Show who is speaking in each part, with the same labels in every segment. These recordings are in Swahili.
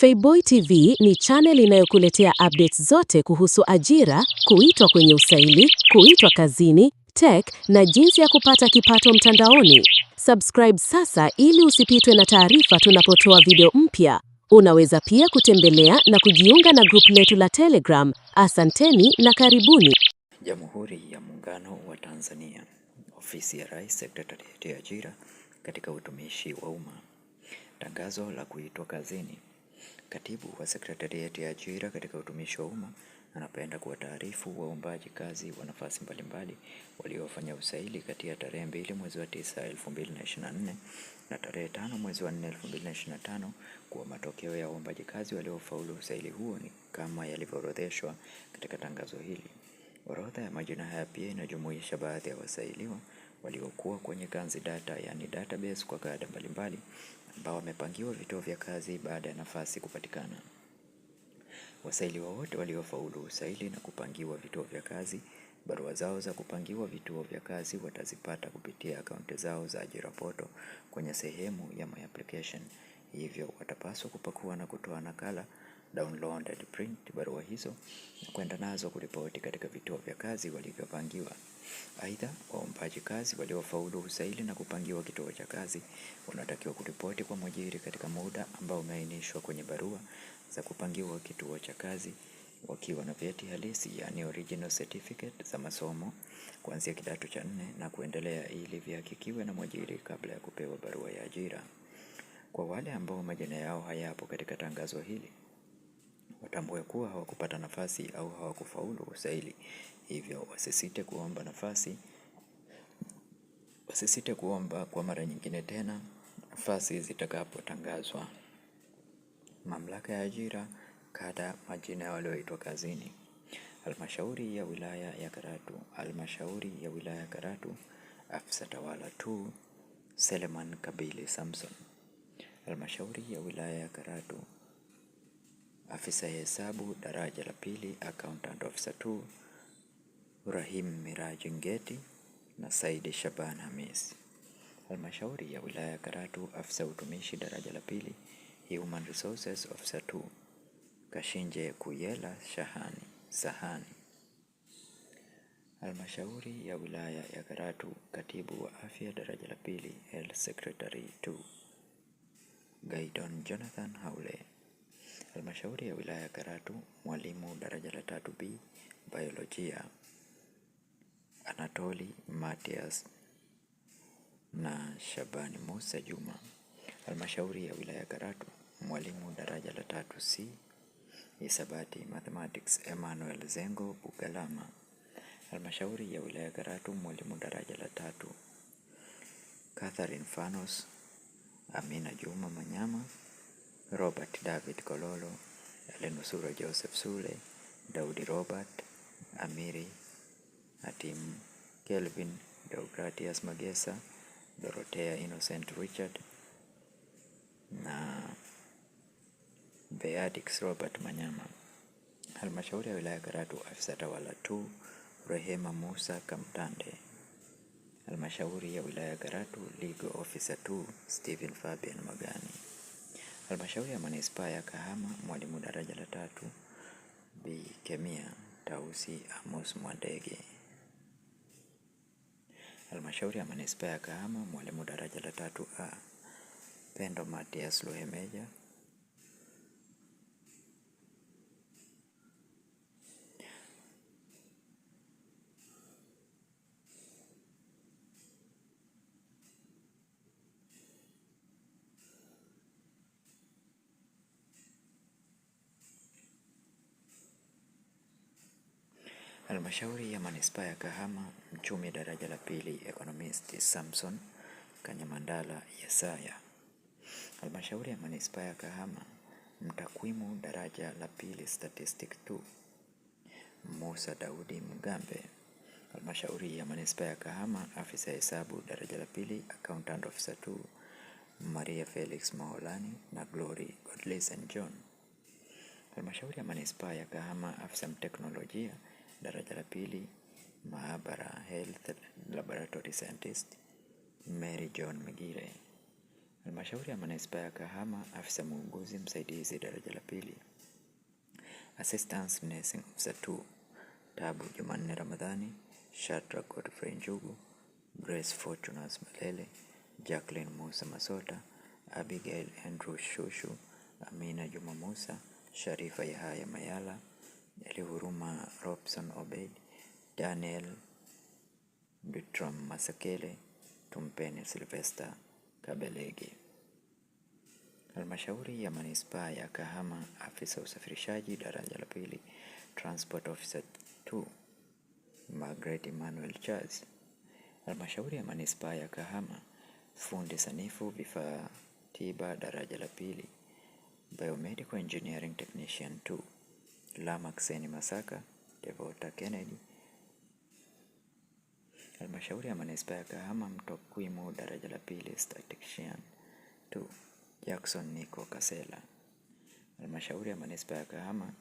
Speaker 1: Feaboy TV ni channel inayokuletea updates zote kuhusu ajira, kuitwa kwenye usaili, kuitwa kazini, tech na jinsi ya kupata kipato mtandaoni. Subscribe sasa ili usipitwe na taarifa tunapotoa video mpya. Unaweza pia kutembelea na kujiunga na grupu letu la Telegram. Asanteni na karibuni.
Speaker 2: Jamhuri ya Muungano wa Tanzania, Ofisi ya Rais, Sekretarieti ya Ajira katika Utumishi wa Umma, tangazo la kuitwa kazini. Katibu wa Sekretarieti ya Ajira katika Utumishi wa Umma anapenda kuwataarifu waombaji kazi wa nafasi mbalimbali waliofanya usaili kati ya tarehe mbili mwezi wa tisa elfu mbili na ishirini na nne na tarehe tano mwezi wa nne elfu mbili na ishirini na tano kuwa matokeo ya waombaji kazi waliofaulu usaili huo ni kama yalivyoorodheshwa katika tangazo hili. Orodha ya majina haya pia inajumuisha baadhi ya wasailiwa waliokuwa kwenye kanzi data, yani database kwa kada mbalimbali ambao wamepangiwa vituo vya kazi baada ya nafasi kupatikana. Wasaili wote waliofaulu usaili na kupangiwa vituo vya kazi, barua zao za kupangiwa vituo vya kazi watazipata kupitia akaunti zao za ajira poto kwenye sehemu ya my application. Hivyo watapaswa kupakua na kutoa nakala download and print barua hizo na kwenda nazo kuripoti katika vituo vya kazi walivyopangiwa. Aidha, waombaji kazi waliofaulu usaili na kupangiwa kituo cha kazi wanatakiwa kuripoti kwa mwajiri katika muda ambao umeainishwa kwenye barua za kupangiwa kituo cha kazi wakiwa na vyeti halisi yani original certificate za masomo kuanzia kidato cha nne na kuendelea ili vihakikiwe na mwajiri kabla ya kupewa barua ya ajira. Kwa wale ambao majina yao hayapo katika tangazo hili, watambue kuwa hawakupata nafasi au hawakufaulu usaili, hivyo wasisite kuomba nafasi, wasisite kuomba kwa mara nyingine tena nafasi zitakapotangazwa. Mamlaka ya ajira, kata, majina ya walioitwa kazini. Halmashauri ya wilaya ya Karatu. Halmashauri ya wilaya ya Karatu, afisa tawala tu Seleman Kabili Samson. Halmashauri ya wilaya ya Karatu, afisa hesabu daraja la pili, accountant officer 2 Rahim Miraji Ngeti na Said Shaban Hamis. Halmashauri ya wilaya ya Karatu, afisa utumishi daraja la pili, human resources officer 2 Kashinje Kuyela Shahani Sahani. Halmashauri ya wilaya ya Karatu, katibu wa afya daraja la pili, health secretary 2 Gaidon Jonathan Haule. Halmashauri ya wilaya ya Karatu, mwalimu daraja la tatu B biolojia Anatoli Matias na Shabani Musa Juma. Halmashauri ya wilaya ya Karatu, mwalimu daraja la tatu C hisabati mathematics Emmanuel Zengo Bugalama. Halmashauri ya wilaya ya Karatu, mwalimu daraja la tatu Catherine Fanos, Amina Juma Manyama Robert David Kololo, Elenusura Joseph Sule, Daudi Robert, Amiri atim Kelvin Deogratias Magesa, Dorothea Innocent Richard na Beatrix Robert Manyama. Halmashauri ya wilaya Karatu, afisa tawala tu Rehema Musa Kamtande. Halmashauri ya wilaya Karatu, legal officer tu Stephen Fabian Magani. Halmashauri ya Manispaa ya Kahama, mwalimu daraja la tatu Bi. Kemia Tausi Amos Mwandege. Halmashauri ya Manispaa ya Kahama, mwalimu daraja la tatu A Pendo Matias Luhemeja. Halmashauri ya Manispaa ya Kahama, Mchumi daraja la pili, Economist Samson Kanyamandala Yesaya. Halmashauri ya Manispaa ya Kahama, Mtakwimu daraja la pili, Statistic 2, Musa Daudi Mgambe. Halmashauri ya Manispaa ya Kahama, Afisa Hesabu daraja la pili, Accountant Officer 2, Maria Felix Maholani na Glory Godless and John. Halmashauri ya Manispaa ya Kahama, Afisa Mteknolojia Daraja la pili maabara health laboratory scientist Mary John Migire. Halmashauri ya manispaa ya Kahama, afisa muuguzi msaidizi daraja la pili assistant nursing officer 2 Tabu Jumanne Ramadhani, Shatra Godfrey Njugu, Grace Fortunas Malele, Jacqueline Musa Masota, Abigail Andrew Shushu, Amina Juma Musa, Sharifa Yahaya Mayala Huruma Robson Obed, Daniel dutrom Masakele, Tumpeni Silvester Kabelege. Halmashauri ya Manispaa ya Kahama, afisa usafirishaji daraja la pili, Transport Officer 2, Margaret Emmanuel Charles. Halmashauri ya Manispaa ya Kahama, fundi sanifu vifaa tiba daraja la pili, Biomedical Engineering Technician 2. Lamaksen Masaka, Devota Kennedy. Halmashauri ya manispaa ya Kahama, Mtokwimu daraja la pili, Statistician tu Jackson Nico Kasela. Halmashauri ya manispaa ya Kahama,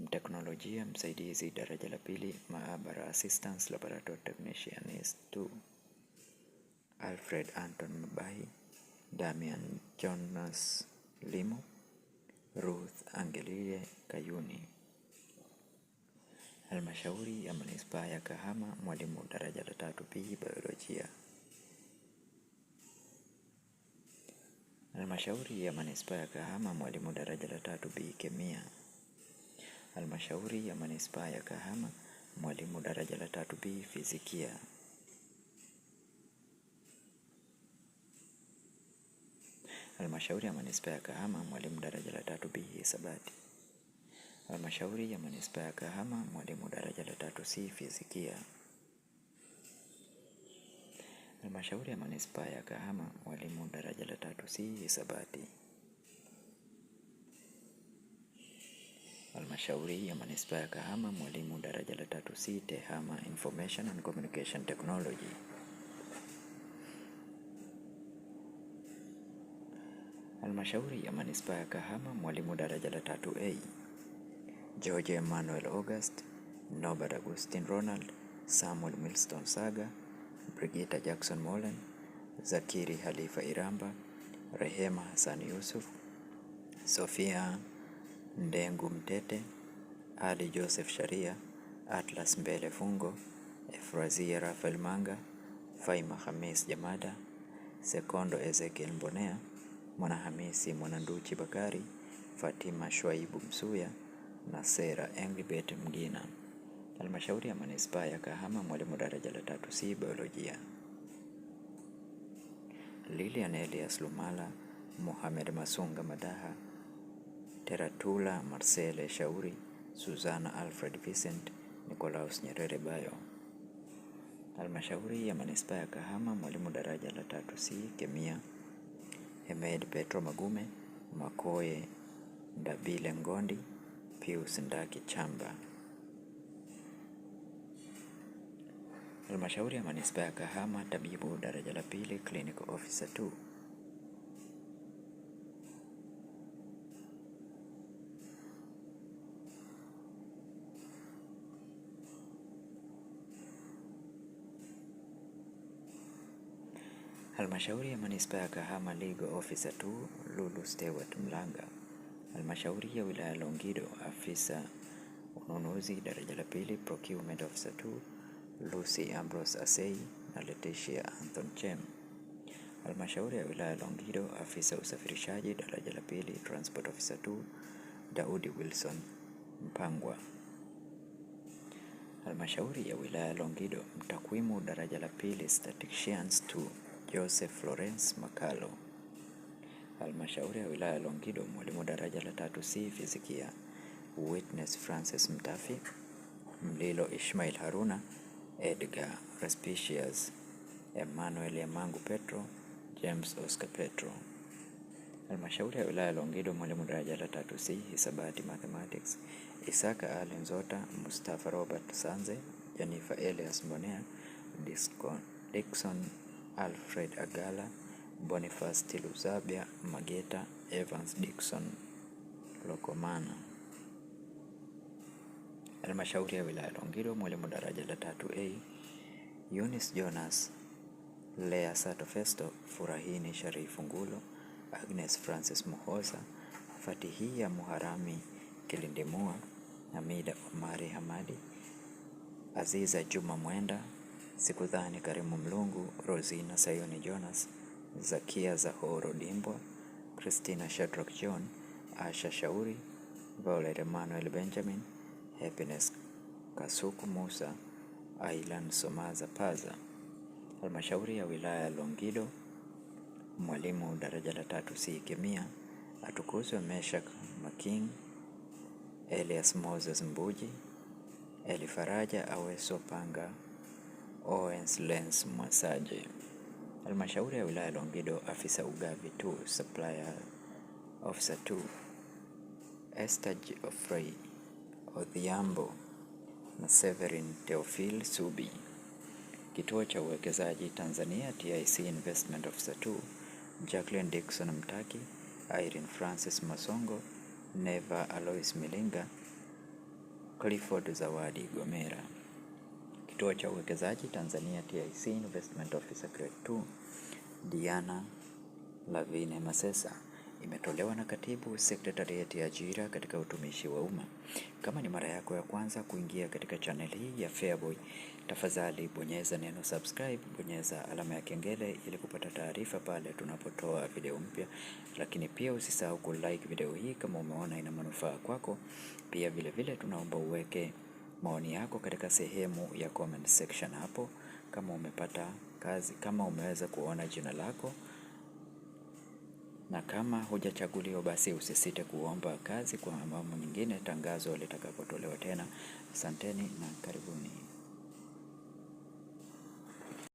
Speaker 2: mteknolojia msaidizi daraja la pili, maabara assistance laboratory technician tu Alfred Anton Mabahi, Damian Jonas Limo. Ruth Angeline Kayuni. Halmashauri ya Manispaa ya Kahama, mwalimu daraja la tatu B Biolojia. Halmashauri ya Manispaa ya Kahama, mwalimu daraja la tatu B Kemia. Halmashauri ya Manispaa ya Kahama, mwalimu daraja la tatu B Fizikia. Halmashauri ya Manispaa ya Kahama mwalimu daraja la tatu B Hisabati. Halmashauri ya Manispaa ya Kahama mwalimu daraja la tatu C Fizikia. Halmashauri ya Manispaa ya Kahama mwalimu daraja la tatu C Hisabati. Halmashauri ya Manispaa ya Kahama mwalimu daraja la tatu C Tehama Information and Communication Technology. Halmashauri ya Manispaa ya Kahama, mwalimu daraja la tatu A: George Emmanuel August, Norbert Augustin Ronald, Samuel Milston Saga, Brigita Jackson Molen, Zakiri Halifa Iramba, Rehema Hassan Yusuf, Sofia Ndengu Mtete, Ali Joseph Sharia, Atlas Mbele Fungo, Efrazia Rafael Manga, Faima Hamis Jamada, Sekondo Ezekiel Mbonea Mwanahamisi Mwananduchi Bakari, Fatima Shwaibu Msuya na Sera Englibert Mgina. Halmashauri ya Manispaa ya Kahama, mwalimu daraja la tatu C biolojia. Lilian Elias Lumala, Mohamed Masunga Madaha, Teratula Marcele Shauri, Suzana Alfred Vincent, Nicolaus Nyerere Bayo. Halmashauri ya Manispaa ya Kahama, mwalimu daraja la tatu C kemia Emed Petro Magume, Makoye Ndabile Ngondi, Pius Ndaki Chamba. Halmashauri ya Manispaa ya Kahama, Tabibu Daraja la Pili, Clinical Officer 2. Halmashauri ya Manispaa ya Kahama Legal Officer 2 Lulu Stewart Mlanga. Halmashauri ya Wilaya ya Longido Afisa Ununuzi daraja la pili Procurement Officer 2 Lucy Ambrose Asei na Leticia Anton Chem. Halmashauri ya Wilaya ya Longido Afisa Usafirishaji daraja la pili Transport Officer 2 Daudi Wilson Mpangwa. Halmashauri ya Wilaya ya Longido Mtakwimu daraja la pili Statisticians 2 Joseph Florence Makalo. Halmashauri ya wilaya ya Longido, mwalimu daraja la tatu C fizikia, Witness Francis Mtafi, Mlilo Ishmael Haruna, Edgar Respicius, Emmanuel Yamangu Petro, James Oscar Petro. Halmashauri ya wilaya ya Longido, mwalimu daraja la tatu C hisabati mathematics, Isaka Allen Zota, Mustafa Robert Sanze, Jennifer Elias Mbonea, Dixon Alfred Agala, Boniface Tiluzabia Mageta, Evans Dickson Lokomana. Halmashauri ya wilaya Longiro, mwalimu daraja la tatu A Yunis Jonas, Lea Sato Festo, Furahini Sharifu Ngulo, Agnes Francis Muhoza, Fatihia Muharami Kilindimua, Hamida Omari Hamadi, Aziza Juma Mwenda Sikudhani Karimu Mlungu, Rosina Sayoni Jonas, Zakia Zahoro Dimbwa, Christina Shadrock, John, Asha Shauri, Violet Emmanuel Benjamin, Happiness Kasuku Musa, Ailan Somaza Paza. Halmashauri ya wilaya ya Longido, mwalimu daraja la tatu C kemia atukuzwe Meshak Making, Elias Moses Mbuji, Elifaraja Aweso Panga Owens Lens Massage. Halmashauri ya wilaya Longido, afisa ugavi 2, supplier officer 2, Esther Geoffrey Odhiambo na Severin teofil Subi. Kituo cha uwekezaji Tanzania TIC Investment Officer 2, Jacqueline Dickson Mtaki, Irene Francis Masongo, Neva Alois Milinga, Clifford Zawadi Gomera. Kituo cha Uwekezaji Tanzania TIC Investment Officer Grade 2 Diana Lavine Masesa imetolewa na Katibu Sekretarieti ya Ajira katika Utumishi wa Umma. Kama ni mara yako ya kwanza kuingia katika channel hii ya Feaboy, tafadhali bonyeza neno subscribe, bonyeza alama ya kengele ili kupata taarifa pale tunapotoa video mpya, lakini pia usisahau like video hii kama umeona ina manufaa kwako. Pia vilevile vile tunaomba uweke maoni yako katika sehemu ya comment section hapo, kama umepata kazi, kama umeweza kuona jina lako, na kama hujachaguliwa basi usisite kuomba kazi. Kwa mambo nyingine, tangazo litakapotolewa tena. Asanteni na karibuni.